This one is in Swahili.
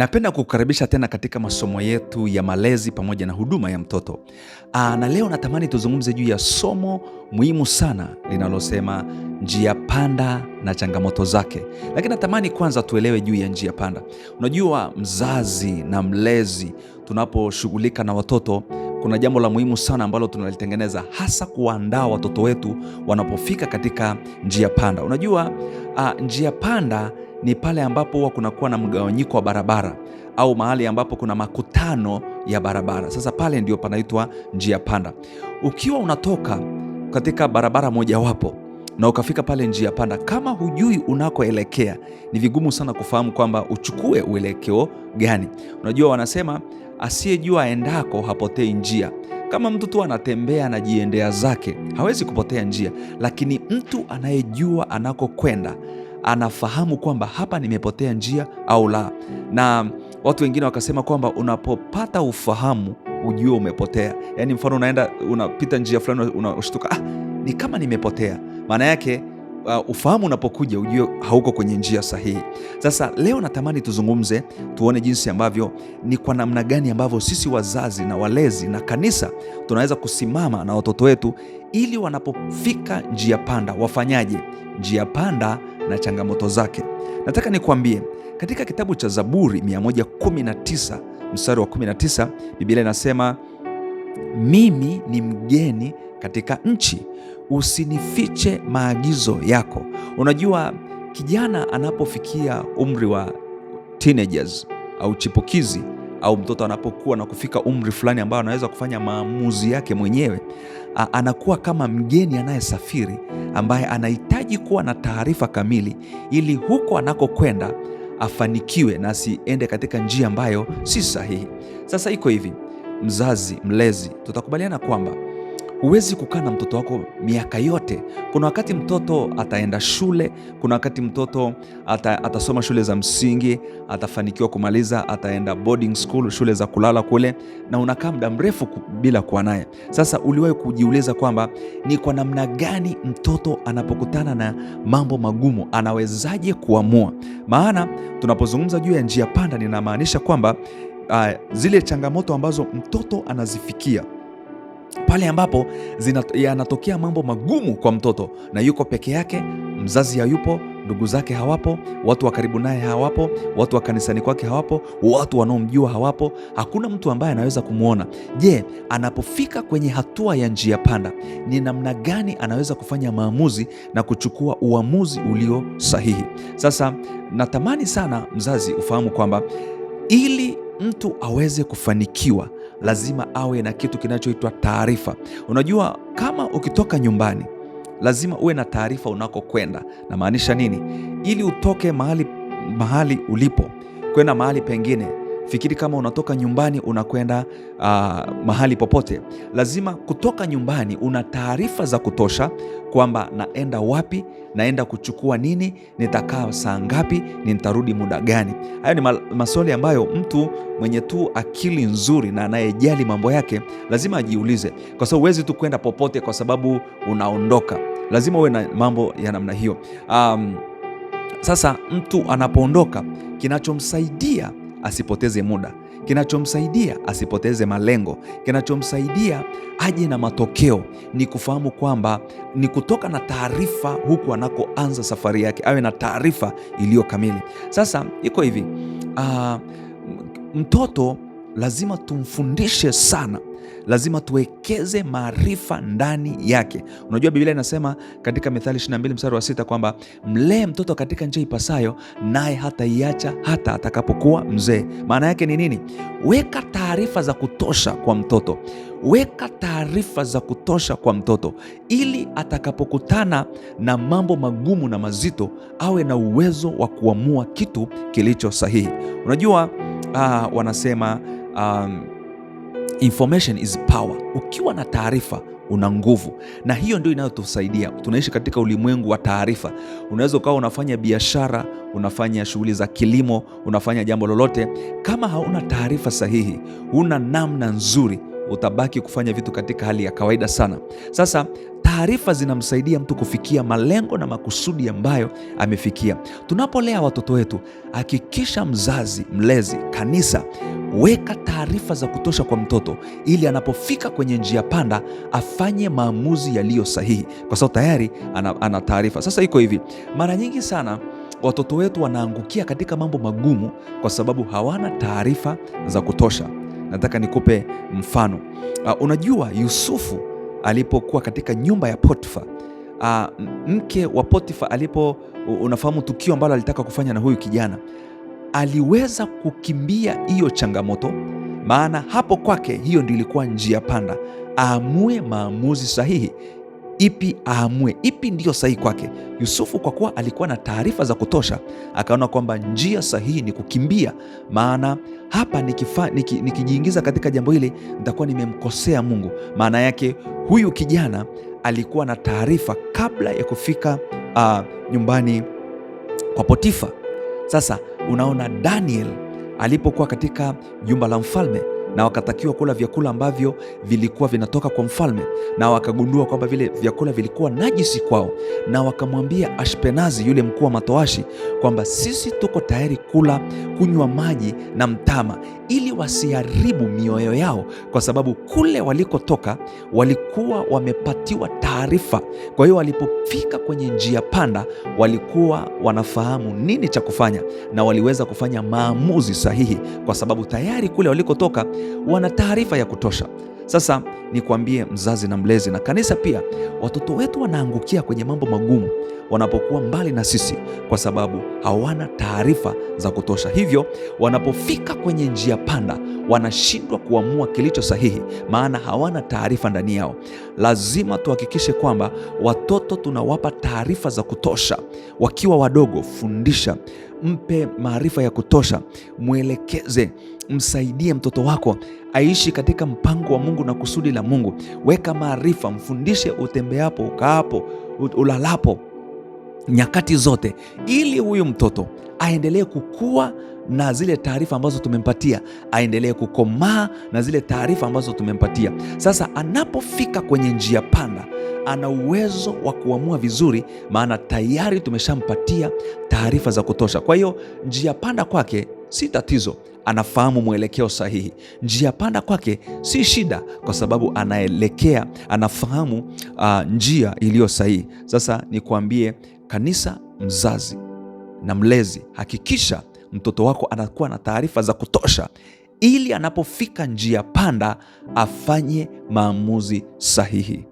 Napenda kukukaribisha tena katika masomo yetu ya malezi pamoja na huduma ya mtoto. Aa, ah, na leo natamani tuzungumze juu ya somo muhimu sana linalosema njia panda na changamoto zake. Lakini natamani kwanza tuelewe juu ya njia panda. Unajua, mzazi na mlezi tunaposhughulika na watoto kuna jambo la muhimu sana ambalo tunalitengeneza hasa kuwaandaa watoto wetu wanapofika katika njia panda. Unajua, uh, njia panda ni pale ambapo huwa kunakuwa na mgawanyiko wa barabara au mahali ambapo kuna makutano ya barabara. Sasa pale ndio panaitwa njia panda. Ukiwa unatoka katika barabara mojawapo na ukafika pale njia panda, kama hujui unakoelekea, ni vigumu sana kufahamu kwamba uchukue uelekeo gani. Unajua, wanasema asiyejua aendako hapotei njia. Kama mtu tu anatembea anajiendea zake, hawezi kupotea njia, lakini mtu anayejua anakokwenda anafahamu kwamba hapa nimepotea njia au la. Na watu wengine wakasema kwamba unapopata ufahamu ujue umepotea. Yaani mfano unaenda unapita njia fulani unashtuka, ah, ni kama nimepotea. Maana yake Uh, ufahamu unapokuja ujue hauko kwenye njia sahihi. Sasa leo natamani tuzungumze, tuone jinsi ambavyo ni kwa namna gani ambavyo sisi wazazi na walezi na kanisa tunaweza kusimama na watoto wetu ili wanapofika njia panda wafanyaje? Njia panda na changamoto zake. Nataka nikuambie katika kitabu cha Zaburi 119 mstari wa 19, Biblia inasema mimi ni mgeni katika nchi, usinifiche maagizo yako. Unajua, kijana anapofikia umri wa teenagers au chipukizi au mtoto anapokuwa na kufika umri fulani ambao anaweza kufanya maamuzi yake mwenyewe, anakuwa kama mgeni anayesafiri ambaye anahitaji kuwa na taarifa kamili ili huko anakokwenda afanikiwe na asiende katika njia ambayo si sahihi. Sasa iko hivi, mzazi mlezi, tutakubaliana kwamba Huwezi kukaa na mtoto wako miaka yote. Kuna wakati mtoto ataenda shule, kuna wakati mtoto ata, atasoma shule za msingi, atafanikiwa kumaliza, ataenda boarding school, shule za kulala kule, na unakaa muda mrefu bila kuwa naye. Sasa uliwahi kujiuliza kwamba ni kwa namna gani mtoto anapokutana na mambo magumu anawezaje kuamua? Maana tunapozungumza juu ya njia panda, ninamaanisha kwamba uh, zile changamoto ambazo mtoto anazifikia pale ambapo yanatokea mambo magumu kwa mtoto na yuko peke yake, mzazi hayupo ya ndugu zake hawapo, watu wa karibu naye hawapo, watu wa kanisani kwake hawapo, watu wanaomjua hawapo, hakuna mtu ambaye anaweza kumwona. Je, anapofika kwenye hatua ya njia panda, ni namna gani anaweza kufanya maamuzi na kuchukua uamuzi ulio sahihi? Sasa natamani sana mzazi ufahamu kwamba ili mtu aweze kufanikiwa lazima awe na kitu kinachoitwa taarifa. Unajua, kama ukitoka nyumbani lazima uwe na taarifa unakokwenda. Namaanisha nini? Ili utoke mahali, mahali ulipo kwenda mahali pengine Fikiri kama unatoka nyumbani unakwenda uh, mahali popote, lazima kutoka nyumbani una taarifa za kutosha kwamba naenda wapi, naenda kuchukua nini, nitakaa saa ngapi, nitarudi muda gani. Hayo ni maswali ambayo mtu mwenye tu akili nzuri na anayejali mambo yake lazima ajiulize, kwa sababu huwezi tu kwenda popote kwa sababu unaondoka. Lazima uwe na mambo ya namna hiyo. Um, sasa mtu anapoondoka kinachomsaidia asipoteze muda, kinachomsaidia asipoteze malengo, kinachomsaidia aje na matokeo ni kufahamu kwamba ni kutoka na taarifa huku anakoanza safari yake, awe na taarifa iliyo kamili. Sasa iko hivi, uh, mtoto lazima tumfundishe sana lazima tuwekeze maarifa ndani yake. Unajua Biblia inasema katika Mithali 22 mstari wa sita kwamba mlee mtoto katika njia ipasayo, naye hataiacha hata atakapokuwa mzee. Maana yake ni nini? Weka taarifa za kutosha kwa mtoto, weka taarifa za kutosha kwa mtoto ili atakapokutana na mambo magumu na mazito awe na uwezo wa kuamua kitu kilicho sahihi. Unajua uh, wanasema um, Information is power. Ukiwa na taarifa una nguvu, na hiyo ndio inayotusaidia. Tunaishi katika ulimwengu wa taarifa. Unaweza ukawa unafanya biashara, unafanya shughuli za kilimo, unafanya jambo lolote, kama hauna taarifa sahihi, una namna nzuri utabaki kufanya vitu katika hali ya kawaida sana. Sasa Taarifa zinamsaidia mtu kufikia malengo na makusudi ambayo amefikia. Tunapolea watoto wetu, hakikisha mzazi, mlezi, kanisa, weka taarifa za kutosha kwa mtoto ili anapofika kwenye njia panda afanye maamuzi yaliyo sahihi, kwa sababu tayari ana, ana taarifa. Sasa iko hivi, mara nyingi sana watoto wetu wanaangukia katika mambo magumu kwa sababu hawana taarifa za kutosha. Nataka nikupe mfano. Uh, unajua Yusufu alipokuwa katika nyumba ya Potifa. Uh, mke wa Potifa alipo, unafahamu tukio ambalo alitaka kufanya na huyu kijana, aliweza kukimbia hiyo changamoto, maana hapo kwake hiyo ndio ilikuwa njia panda, aamue maamuzi sahihi ipi aamue, ipi ndiyo sahihi kwake. Yusufu kwa kuwa alikuwa na taarifa za kutosha, akaona kwamba njia sahihi ni kukimbia, maana hapa nikijiingiza niki, niki katika jambo hili nitakuwa nimemkosea Mungu. Maana yake huyu kijana alikuwa na taarifa kabla ya kufika uh, nyumbani kwa Potifa. Sasa unaona Daniel alipokuwa katika jumba la mfalme na wakatakiwa kula vyakula ambavyo vilikuwa vinatoka kwa mfalme, na wakagundua kwamba vile vyakula vilikuwa najisi kwao, na wakamwambia Ashpenazi yule mkuu wa matoashi kwamba sisi tuko tayari kula, kunywa maji na mtama, ili wasiharibu mioyo yao, kwa sababu kule walikotoka walikuwa wamepatiwa maarifa. Kwa hiyo walipofika kwenye njia panda, walikuwa wanafahamu nini cha kufanya na waliweza kufanya maamuzi sahihi, kwa sababu tayari kule walikotoka wana taarifa ya kutosha. Sasa nikwambie mzazi na mlezi na kanisa pia, watoto wetu wanaangukia kwenye mambo magumu wanapokuwa mbali na sisi, kwa sababu hawana taarifa za kutosha. Hivyo wanapofika kwenye njia panda, wanashindwa kuamua kilicho sahihi, maana hawana taarifa ndani yao. Lazima tuhakikishe kwamba watoto tunawapa taarifa za kutosha wakiwa wadogo. Fundisha mpe maarifa ya kutosha, mwelekeze, msaidie mtoto wako aishi katika mpango wa Mungu na kusudi la Mungu. Weka maarifa, mfundishe utembeapo, ukaapo, ulalapo, nyakati zote, ili huyu mtoto aendelee kukua na zile taarifa ambazo tumempatia, aendelee kukomaa na zile taarifa ambazo tumempatia. Sasa anapofika kwenye njia panda, ana uwezo wa kuamua vizuri, maana tayari tumeshampatia taarifa za kutosha. Kwa hiyo njia panda kwake si tatizo, anafahamu mwelekeo sahihi. Njia panda kwake si shida, kwa sababu anaelekea, anafahamu uh, njia iliyo sahihi. Sasa nikuambie, kanisa, mzazi na mlezi, hakikisha mtoto wako anakuwa na taarifa za kutosha ili anapofika njia panda afanye maamuzi sahihi.